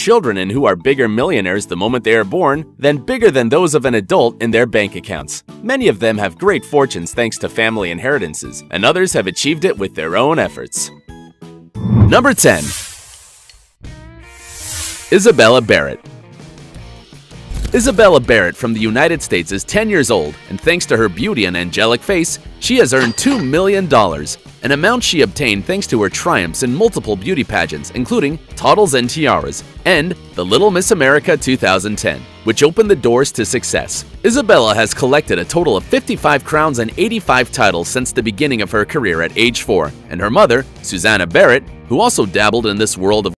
children and who are bigger millionaires the moment they are born than bigger than those of an adult in their bank accounts. Many of them have great fortunes thanks to family inheritances, and others have achieved it with their own efforts. Number 10. Isabella Barrett Isabella Barrett from the United States is 10 years old, and thanks to her beauty and angelic face, she has earned $2 million, an amount she obtained thanks to her triumphs in multiple beauty pageants, including Toddles and Tiaras and the Little Miss America 2010, which opened the doors to success. Isabella has collected a total of 55 crowns and 85 titles since the beginning of her career at age 4, and her mother, Susanna Barrett, who also dabbled in this world of